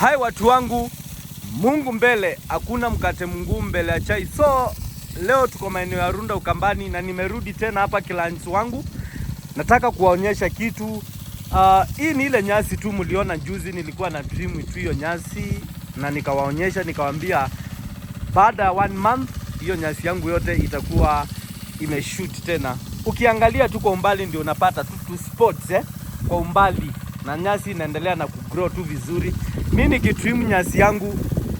Hai watu wangu, Mungu mbele, hakuna mkate mnguu mbele ya chai. So leo tuko maeneo ya Runda Ukambani na nimerudi tena hapa clients wangu, nataka kuwaonyesha kitu. Uh, hii ni ile nyasi tu mliona juzi, nilikuwa na dream tu hiyo nyasi na nikawaonyesha, nikawaambia baada ya one month hiyo nyasi yangu yote itakuwa imeshoot tena. Ukiangalia tu kwa umbali ndio unapata tu, tu spots eh, kwa umbali na nyasi inaendelea na kugrow tu vizuri. Mi nikitrim nyasi yangu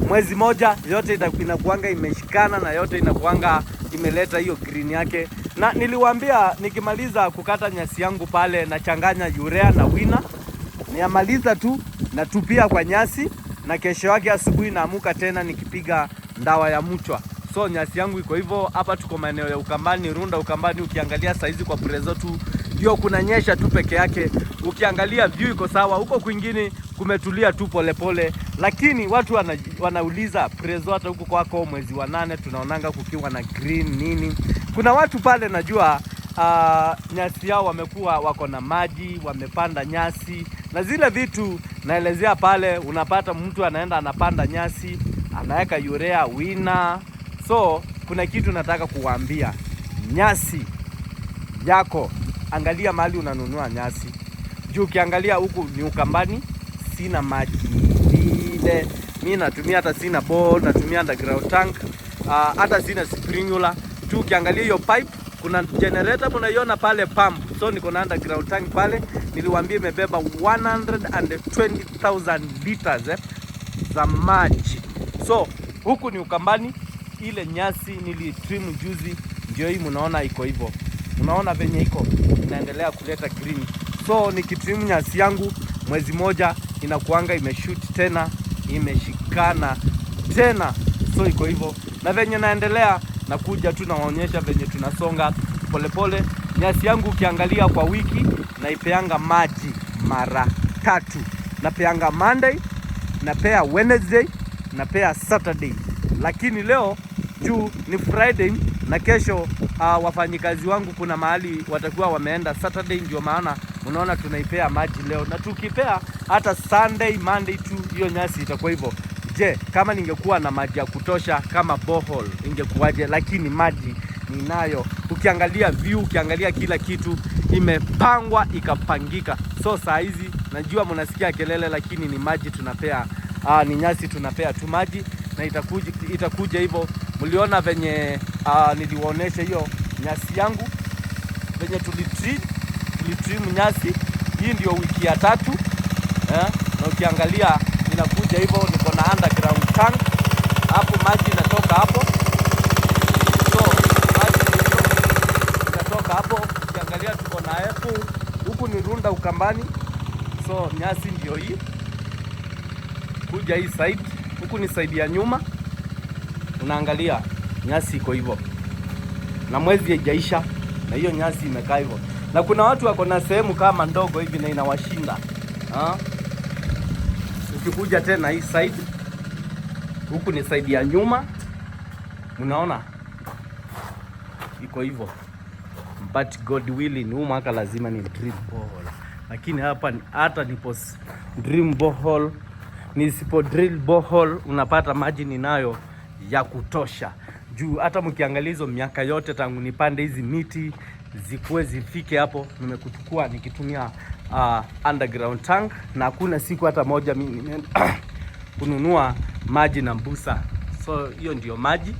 mwezi moja, yote inakuanga imeshikana na yote inakuanga imeleta hiyo green yake, na niliwaambia nikimaliza kukata nyasi yangu pale nachanganya urea na wina, niamaliza tu natupia kwa nyasi, na kesho yake asubuhi naamuka tena nikipiga ndawa ya mchwa. So nyasi yangu iko hivyo. Hapa tuko maeneo ya Ukambani Runda, Ukambani ukiangalia saizi kwa prezo tu ndio kunanyesha tu peke yake. Ukiangalia view iko sawa, huko kwingine kumetulia tu polepole, lakini watu wana, wanauliza Prezo, hata huko kwako mwezi wa nane tunaonanga kukiwa na green nini. Kuna watu pale najua uh, nyasi yao wamekuwa wako na maji, wamepanda nyasi na zile vitu naelezea pale. Unapata mtu anaenda anapanda nyasi anaweka urea wina. So kuna kitu nataka kuwaambia, nyasi yako angalia mahali unanunua nyasi juu, ukiangalia huku ni Ukambani, sina maji ile mi natumia, hata sina bowl, natumia underground tank uh, hata sina sprinkler tu. Ukiangalia hiyo pipe, kuna generator mnaiona pale pump, so niko na underground tank pale, niliwaambia imebeba 120,000 liters eh, za maji. So huku ni Ukambani, ile nyasi nilitrim juzi, ndio hii mnaona iko hivyo unaona venye iko inaendelea kuleta green. So nikitrimu nyasi yangu mwezi moja inakuanga imeshoot tena imeshikana tena, so iko hivyo, na venye naendelea nakuja tu nawaonyesha venye tunasonga polepole. Nyasi yangu ukiangalia kwa wiki naipeanga maji mara tatu, napeanga Monday, napea Wednesday, napea Saturday, lakini leo juu ni Friday na kesho uh, wafanyikazi wangu kuna mahali watakuwa wameenda Saturday, ndio maana unaona tunaipea maji leo, na tukipea hata Sunday Monday tu hiyo nyasi itakuwa hivyo. Je, kama ningekuwa na maji ya kutosha kama borehole ingekuwaje? Lakini maji ninayo. Ukiangalia view, ukiangalia kila kitu imepangwa ikapangika. So saa hizi najua mnasikia kelele, lakini ni maji tunapea, aa, ah, ni nyasi tunapea tu maji na itakuja, itakuja hivyo mliona venye uh, niliwaonesha hiyo nyasi yangu venye tulitrim, tulitrim nyasi hii ndio wiki ya tatu eh, na ukiangalia inakuja hivyo, niko na underground tank hapo, maji inatoka hapo, so maji inatoka hapo. Ukiangalia tuko na efu huku, ni runda Ukambani, so nyasi ndio hii kuja hii side, huku ni side ya nyuma unaangalia nyasi iko hivyo, na mwezi haijaisha na hiyo nyasi imekaa hivyo, na kuna watu wako na sehemu kama ndogo hivi na inawashinda. Ukikuja tena hii side, huku ni side ya nyuma, mnaona iko hivyo, but God willing, huu mwaka lazima ni drip borehole, lakini hapa hata nipo dream borehole, nisipo drill borehole unapata maji ninayo ya kutosha, juu hata mkiangalizo miaka yote tangu nipande hizi miti zikuwe zifike hapo, nimekuchukua nikitumia uh, underground tank, na hakuna siku hata moja mimi nimeenda kununua maji na mbusa. So hiyo ndio maji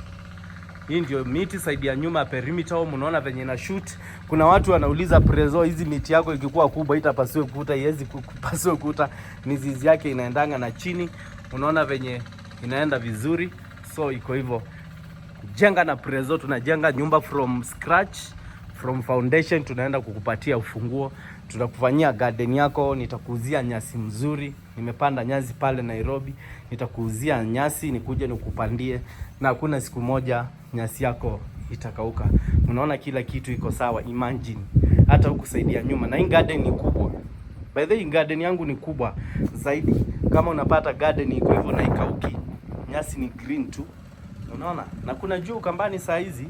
hii ndio miti saidi ya nyuma ya perimeter. Mnaona venye na shoot. Kuna watu wanauliza prezo, hizi miti yako ikikuwa kubwa itapasiwe kuta? Iwezi kupasiwe kuta, mizizi yake inaendanga na chini. Unaona venye inaenda vizuri so iko hivyo jenga na Prezo, tunajenga nyumba from scratch, from foundation. Tunaenda kukupatia ufunguo, tunakufanyia garden yako, nitakuuzia nyasi mzuri. Nimepanda nyasi pale Nairobi, nitakuuzia nyasi, nikuje nikupandie, na hakuna siku moja nyasi yako itakauka. Unaona kila kitu iko sawa, imagine hata ukusaidia nyuma, na hii garden ni kubwa. By the way, garden yangu ni kubwa zaidi, kama unapata garden iko hivyo na ikauki nyasi ni green tu, unaona, na kuna juu kambani saa hizi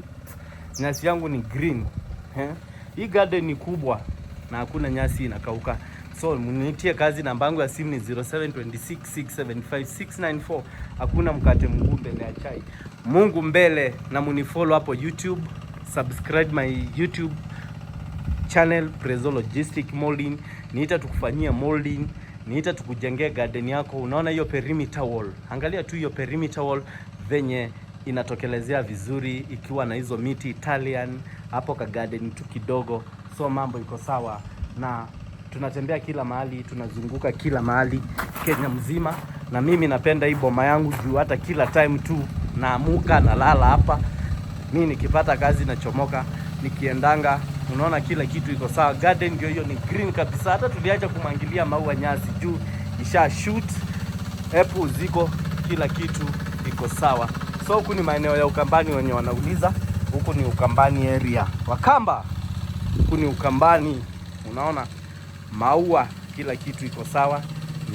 nyasi yangu ni green eh. Hii garden ni kubwa na hakuna nyasi inakauka, so mniitie kazi. Namba yangu ya simu ni 0726675694. Hakuna mkate mguu mbele ya chai, Mungu mbele, na munifollow hapo YouTube, subscribe my YouTube channel Prezo Logistic Molding. Niita tukufanyia molding niita tukujengee garden yako. Unaona hiyo perimeter wall, angalia tu hiyo perimeter wall venye inatokelezea vizuri, ikiwa na hizo miti Italian hapo ka garden tu kidogo, so mambo iko sawa, na tunatembea kila mahali, tunazunguka kila mahali Kenya mzima, na mimi napenda hii boma yangu juu hata kila time tu naamuka nalala hapa. Mi nikipata kazi nachomoka nikiendanga unaona kila kitu iko sawa. Garden ndio hiyo, ni green kabisa, hata tuliacha kumwangilia maua nyasi juu isha shoot apple ziko, kila kitu iko sawa. So huku ni maeneo ya Ukambani, wenye wanauliza huku ni Ukambani area, Wakamba huku ni Ukambani. Unaona maua, kila kitu iko sawa,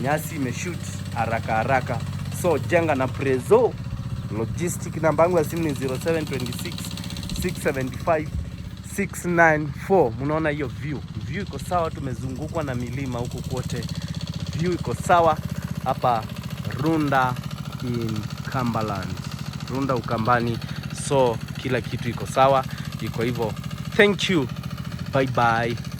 nyasi imeshoot haraka haraka. So jenga na Prezo Logistic. Namba yangu ya simu ni 0726 675 694. Mnaona hiyo view, view iko sawa, tumezungukwa na milima huku kote, view iko sawa hapa Runda in Cumberland, Runda Ukambani. So kila kitu iko sawa, iko hivyo. Thank you, bye bye.